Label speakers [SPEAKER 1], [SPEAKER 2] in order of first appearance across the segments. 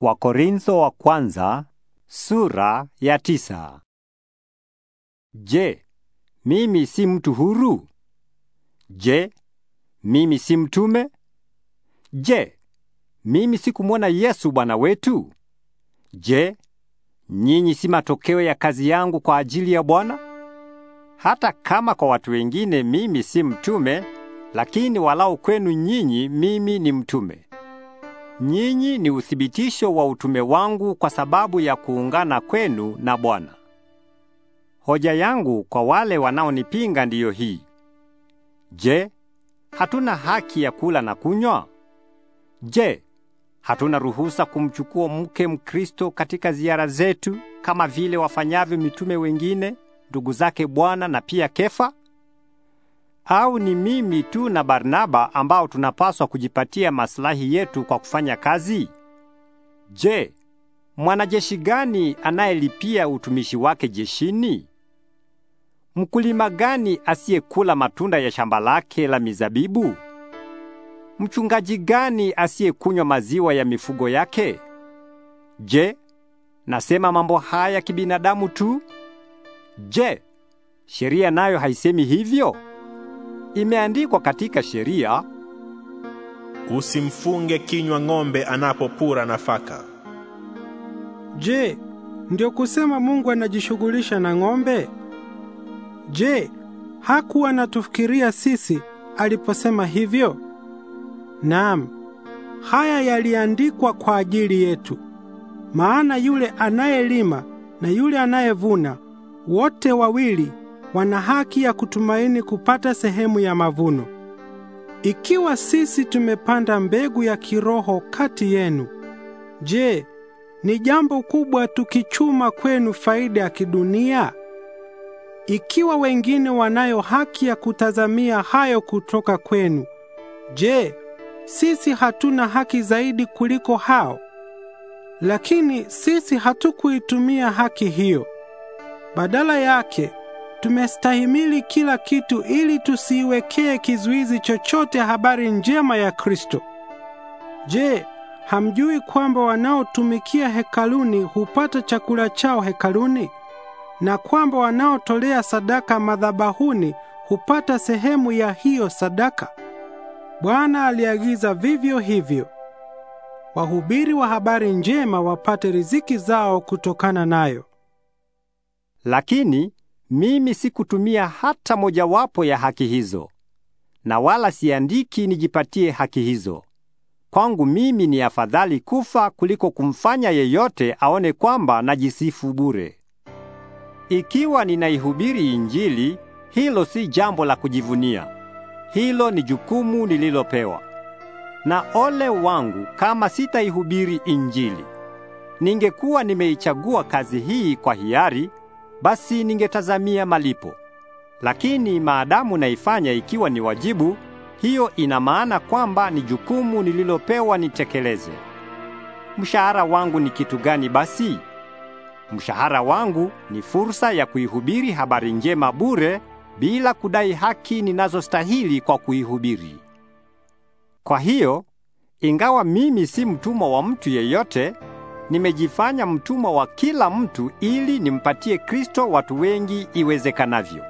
[SPEAKER 1] Wakorintho wa kwanza sura ya tisa. Je, mimi si mtu huru? Je, mimi si mtume? Je, mimi si kumwona Yesu Bwana wetu? Je, nyinyi si matokeo ya kazi yangu kwa ajili ya Bwana? Hata kama kwa watu wengine mimi si mtume, lakini walau kwenu nyinyi mimi ni mtume. Nyinyi ni uthibitisho wa utume wangu kwa sababu ya kuungana kwenu na Bwana. Hoja yangu kwa wale wanaonipinga ndiyo hii. Je, hatuna haki ya kula na kunywa? Je, hatuna ruhusa kumchukua mke Mkristo katika ziara zetu kama vile wafanyavyo mitume wengine, ndugu zake Bwana na pia Kefa? au ni mimi tu na Barnaba ambao tunapaswa kujipatia maslahi yetu kwa kufanya kazi? Je, mwanajeshi gani anayelipia utumishi wake jeshini? Mkulima gani asiyekula matunda ya shamba lake la mizabibu? Mchungaji gani asiyekunywa maziwa ya mifugo yake? Je, nasema mambo haya kibinadamu tu? Je, sheria nayo haisemi hivyo? Imeandikwa katika
[SPEAKER 2] sheria, usimfunge kinywa ng'ombe anapopura nafaka. Je, ndio kusema Mungu anajishughulisha na ng'ombe? Je, hakuwa anatufikiria sisi aliposema hivyo? Naam, haya yaliandikwa kwa ajili yetu, maana yule anayelima na yule anayevuna wote wawili wana haki ya kutumaini kupata sehemu ya mavuno. Ikiwa sisi tumepanda mbegu ya kiroho kati yenu, je, ni jambo kubwa tukichuma kwenu faida ya kidunia? Ikiwa wengine wanayo haki ya kutazamia hayo kutoka kwenu, je, sisi hatuna haki zaidi kuliko hao? Lakini sisi hatukuitumia haki hiyo. Badala yake tumestahimili kila kitu ili tusiiwekee kizuizi chochote habari njema ya Kristo. Je, hamjui kwamba wanaotumikia hekaluni hupata chakula chao hekaluni na kwamba wanaotolea sadaka madhabahuni hupata sehemu ya hiyo sadaka? Bwana aliagiza vivyo hivyo wahubiri wa habari njema wapate riziki zao kutokana nayo. Lakini
[SPEAKER 1] mimi sikutumia hata mojawapo ya haki hizo, na wala siandiki nijipatie haki hizo. Kwangu mimi ni afadhali kufa kuliko kumfanya yeyote aone kwamba najisifu bure. Ikiwa ninaihubiri Injili, hilo si jambo la kujivunia. Hilo ni jukumu nililopewa. Na ole wangu kama sitaihubiri Injili. Ningekuwa nimeichagua kazi hii kwa hiari basi ningetazamia malipo. Lakini maadamu naifanya ikiwa ni wajibu, hiyo ina maana kwamba ni jukumu nililopewa nitekeleze. Mshahara wangu ni kitu gani basi? Mshahara wangu ni fursa ya kuihubiri habari njema bure bila kudai haki ninazostahili kwa kuihubiri. Kwa hiyo, ingawa mimi si mtumwa wa mtu yeyote, nimejifanya mtumwa wa kila mtu ili nimpatie Kristo watu wengi iwezekanavyo.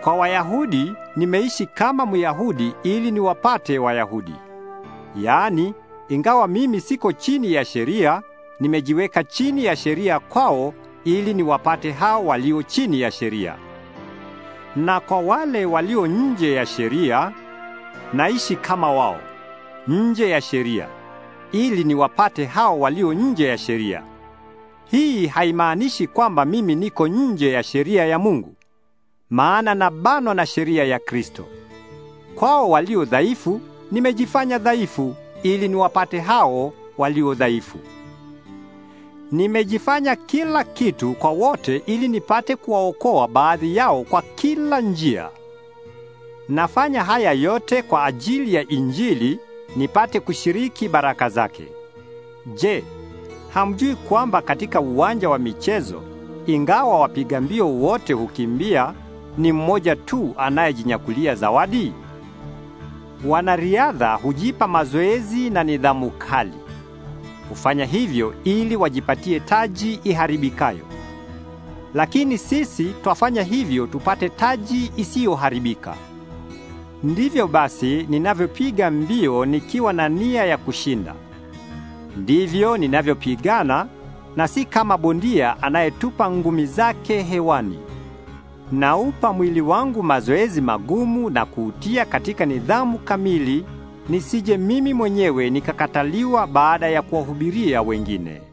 [SPEAKER 1] Kwa Wayahudi nimeishi kama Myahudi ili niwapate Wayahudi. Yaani, ingawa mimi siko chini ya sheria, nimejiweka chini ya sheria kwao ili niwapate hao walio chini ya sheria. Na kwa wale walio nje ya sheria, naishi kama wao, nje ya sheria ili niwapate hao walio nje ya sheria. Hii haimaanishi kwamba mimi niko nje ya sheria ya Mungu, maana nabanwa na sheria ya Kristo. Kwao walio dhaifu nimejifanya dhaifu ili niwapate hao walio dhaifu. Nimejifanya kila kitu kwa wote ili nipate kuwaokoa baadhi yao kwa kila njia. Nafanya haya yote kwa ajili ya Injili nipate kushiriki baraka zake. Je, hamjui kwamba katika uwanja wa michezo, ingawa wapiga mbio wote hukimbia, ni mmoja tu anayejinyakulia zawadi? Wanariadha hujipa mazoezi na nidhamu kali. Hufanya hivyo ili wajipatie taji iharibikayo. Lakini sisi twafanya hivyo tupate taji isiyoharibika. Ndivyo basi ninavyopiga mbio nikiwa na nia ya kushinda. Ndivyo ninavyopigana na si kama bondia anayetupa ngumi zake hewani. Naupa mwili wangu mazoezi magumu na kuutia katika nidhamu kamili, nisije mimi mwenyewe nikakataliwa baada ya kuwahubiria wengine.